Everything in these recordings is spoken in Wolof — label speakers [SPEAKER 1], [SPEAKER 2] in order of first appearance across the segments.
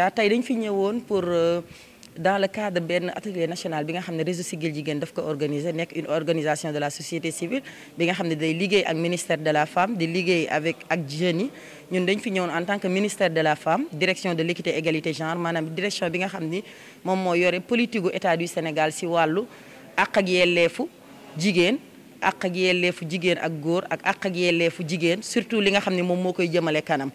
[SPEAKER 1] Ah, tey dañ fi ñëwoon pour euh, dans le cadre benn atelier national bi nga xam ne réseau Siggil Jigéen daf ko organiser nekk une organisation de la société civile bi nga xam ne day liggéey ak ministère de la femme di liggéey avec ak jeunes yi ñun dañ fi ñëwoon en tant que ministère de la femme direction de l'équité égalité genre maanaam direction bi nga xam ni moom moo yore politique gu état du Sénégal si wàllu ak ak yelleefu jigéen àq ak yelleefu jigéen ak góor ak ak ak yelleefu jigéen surtout li nga xam ne moom moo koy jëmale kanam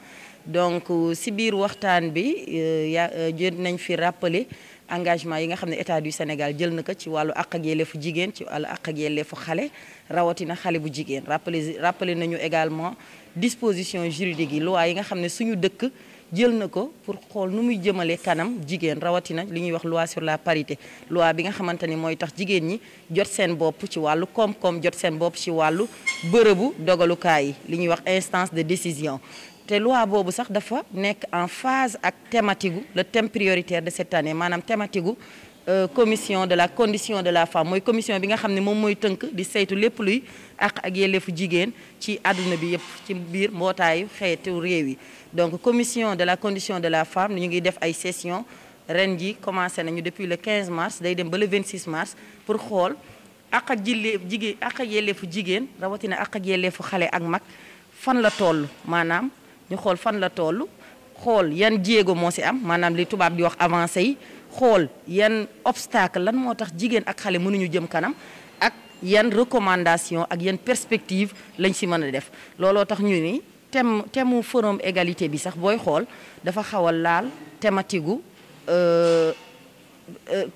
[SPEAKER 1] donc euh, si biir waxtaan bi euh, ya euh, jot nañ fi rappeler engagement yi nga xam ne état du Sénégal jël na ko ci wàllu àq ak yelleefu jigéen ci wàllu àq ak yelleefu xale rawatina xale bu jigéen rappeler rappeler nañu également disposition juridique yi loi yi nga xam ne suñu dëkk jël na ko pour xool nu muy jëmale kanam jigéen rawatina li ñuy wax loi sur la parité loi bi nga xamante ni mooy tax jigéen ñi jot seen bopp ci wàllu koom-koom jot seen bopp ci wàllu bërëbu dogalukaay yi li ñuy wax instance de décision te loi boobu sax dafa nekk en phase ak thématique le thème prioritaire de cet année maanaam thématique Euh, commission de la condition de la femme mooy commission bi nga xam ne moom mooy tënk di saytu lépp luy àq ak yelleefu jigéen ci àdduna bi yëpp ci biir mbootaayu xeetu réew yi donc commission de la condition de la femme ñu ngi def ay session ren ji commencé nañu depuis le 15 mars day dem ba le 26 mars pour xool àq ak jillee jigéen àq ak yelleefu jigéen rawatina àq ak yelleefu xale ak mag fan la toll maanaam ñu xool fan la toll xool yan jéego moo si am maanaam li tubaab di wax avancé yi xool yan obstacle lan moo tax jigéen ak xale mënuñu jëm kanam ak yan recommandation ak yan perspective lañ si mën a def looloo tax ñu ni thème thème forum égalité bi sax booy xool dafa xaw a laal thématique gu euh,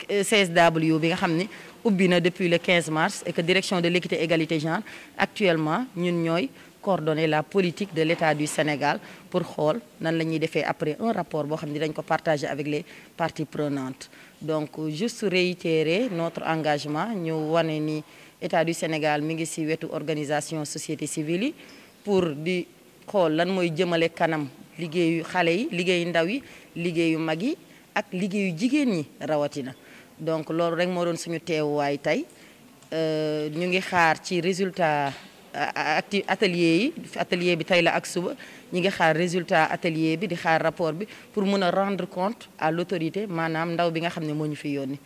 [SPEAKER 1] CSW bi nga xam ne ubbi na depuis le 15 mars et que direction de l'équité égalité genre actuellement ñun ñooy coordonner la politique de l'État du Sénégal pour xool nan la ñuy defee après un rapport boo xam ni dañ ko partager avec les parties prenantes donc juste réitérer notre engagement ñu wane ni État du Sénégal mi ngi si wetu organisation société civile yi pour di xool lan mooy jëmale kanam liggéeyu xale yi liggéeyu ndaw yi liggéeyu mag yi ak liggéeyu jigéen ñi rawatina donc loolu rek moo doon suñu teewaay tey euh, ñu ngi xaar ci résultat acti atelier yi atelier bi tey la ak suba ñi ngi xaar résultat atelier bi di xaar rapport bi pour mun a rendre compte à l'autorité maanaam ndaw bi nga xam ne moo ñu fi ni